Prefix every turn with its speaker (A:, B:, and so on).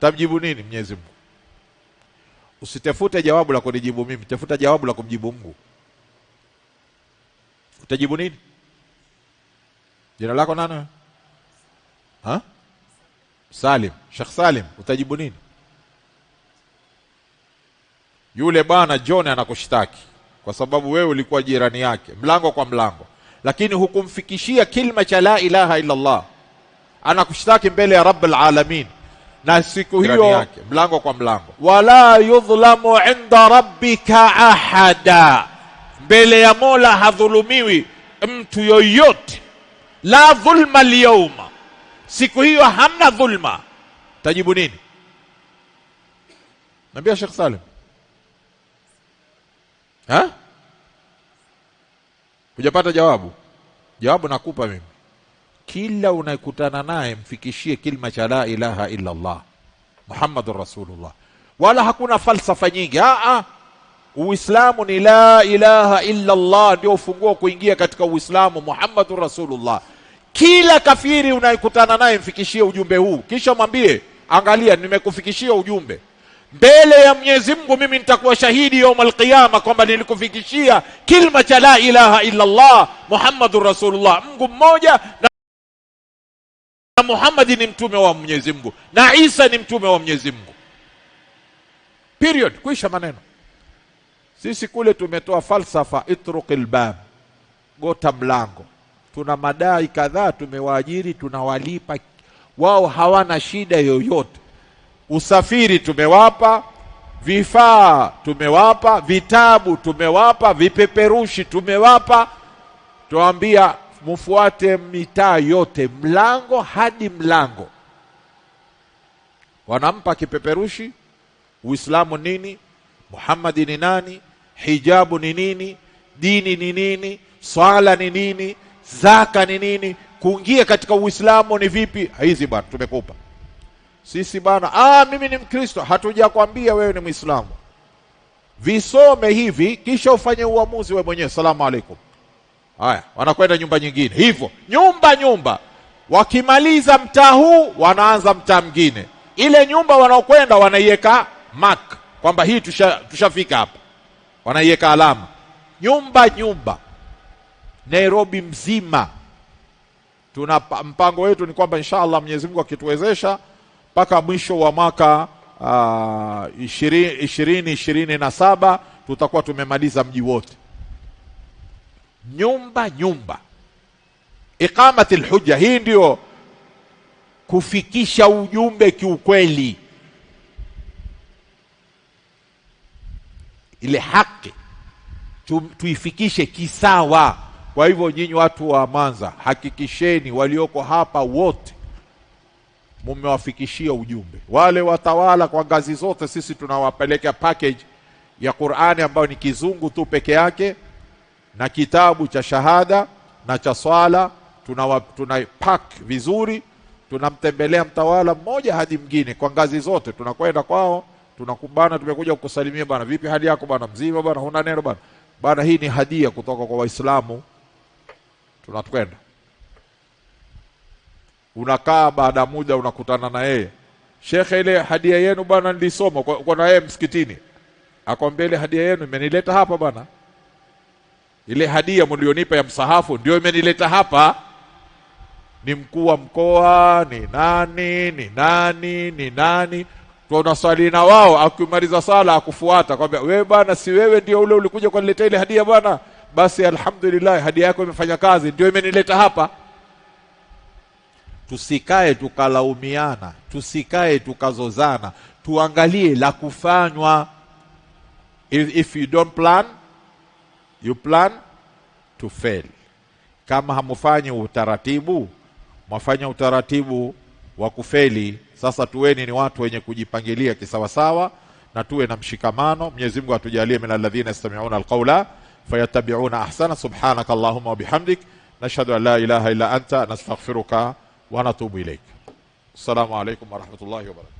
A: tamjibu nini Mwenyezi Mungu? Usitafute jawabu la kunijibu mimi, tafuta jawabu la kumjibu Mungu. Utajibu nini? Jina lako nani? Ha? Salim, Sheikh Salim, utajibu nini? Yule bwana John anakushtaki kwa sababu wewe ulikuwa jirani yake mlango kwa mlango, lakini hukumfikishia kilma cha la ilaha illa Allah. Anakushtaki mbele ya Rabbul Alamin na siku hiyo
B: mlango kwa mlango,
A: wala yudhlamu inda rabbika ahada, mbele ya Mola hadhulumiwi mtu yoyote. La dhulma lyauma, siku hiyo hamna dhulma. Tajibu nini? Nambia shekh Salim ha? Hujapata jawabu? Jawabu nakupa mimi kila unayekutana naye mfikishie kilma cha la ilaha illa Allah Muhammadur Rasulullah, wala hakuna falsafa nyingi. a ah, ah. Uislamu ni la ilaha illa Allah, ndio ufunguo kuingia katika Uislamu. Muhammadur Rasulullah. Kila kafiri unayekutana naye mfikishie ujumbe huu, kisha mwambie, angalia, nimekufikishia ujumbe mbele ya Mwenyezi Mungu, mimi nitakuwa shahidi yaumul qiyama kwamba nilikufikishia kilma cha la ilaha illa Allah Muhammadur Rasulullah, Mungu mmoja na na Muhammad ni mtume wa Mwenyezi Mungu na Isa ni mtume wa Mwenyezi Mungu period, kuisha maneno. Sisi kule tumetoa falsafa itruqil bab. gota mlango. Tuna madai kadhaa tumewaajiri, tunawalipa wao, hawana shida yoyote. Usafiri tumewapa, vifaa tumewapa, vitabu tumewapa, vipeperushi tumewapa, tuambia mfuate mitaa yote mlango hadi mlango. Wanampa kipeperushi, Uislamu nini, Muhammadi ni nani, hijabu ni nini, dini ni nini, swala ni nini, zaka ni nini, kuingia katika Uislamu ni vipi. Hizi bwana tumekupa sisi bwana Ah, mimi ni Mkristo, hatujakwambia wewe ni Mwislamu. Visome hivi kisha ufanye uamuzi wewe mwenyewe. Salamu alaikum. Haya, wanakwenda nyumba nyingine, hivyo nyumba nyumba. Wakimaliza mtaa huu, wanaanza mtaa mwingine. Ile nyumba wanaokwenda wanaiweka mark kwamba hii tushafika, tusha hapa, wanaiweka alama nyumba nyumba. Nairobi mzima tuna mpango wetu ni kwamba inshallah Mwenyezi Mungu akituwezesha mpaka mwisho wa mwaka ah, ishirini ishirini na saba tutakuwa tumemaliza mji wote nyumba nyumba. Iqamati lhuja, hii ndio kufikisha ujumbe kiukweli, ile haki tu, tuifikishe kisawa. Kwa hivyo nyinyi watu wa Mwanza, hakikisheni walioko hapa wote mumewafikishia ujumbe. Wale watawala kwa ngazi zote, sisi tunawapelekea package ya Qur'ani ambayo ni kizungu tu peke yake na kitabu cha shahada na cha swala tuna, tuna vizuri tunamtembelea mtawala mmoja hadi mwingine kwa ngazi zote tunakwenda kwao tunakubana tumekuja kukusalimia bana vipi hali yako bana mzima bana huna neno bana bana hii ni hadia kutoka kwa waislamu tunakwenda unakaa baada muda unakutana na yeye shekhe ile hadia yenu bana nilisoma kwa, kwa na yeye msikitini akwambia ile hadia yenu imenileta hapa bana ile hadia mlionipa ya msahafu ndio imenileta hapa. Ni mkuu wa mkoa, ni nani, ni nani, ni nani, tunaswali na wao. Akimaliza sala akufuata kwambia, wewe bwana, si wewe ndio ule ulikuja kuniletea ile hadia bwana? Basi alhamdulillah, hadia yako imefanya kazi, ndio imenileta hapa. Tusikae tukalaumiana, tusikae tukazozana, tuangalie la kufanywa. If, if you don't plan you plan to fail. Kama hamufanyi utaratibu, mwafanya utaratibu wa kufeli. Sasa tuweni ni watu wenye kujipangilia kisawasawa na tuwe na mshikamano. Mwenyezi Mungu atujalie min alladhina yastami'una alqawla fayatabi'una ahsana. Subhanaka allahumma wa bihamdik nashhadu an la ilaha illa anta nastaghfiruka wa natubu ilaik. Assalamu alaykum wa rahmatullahi wa barakatuh.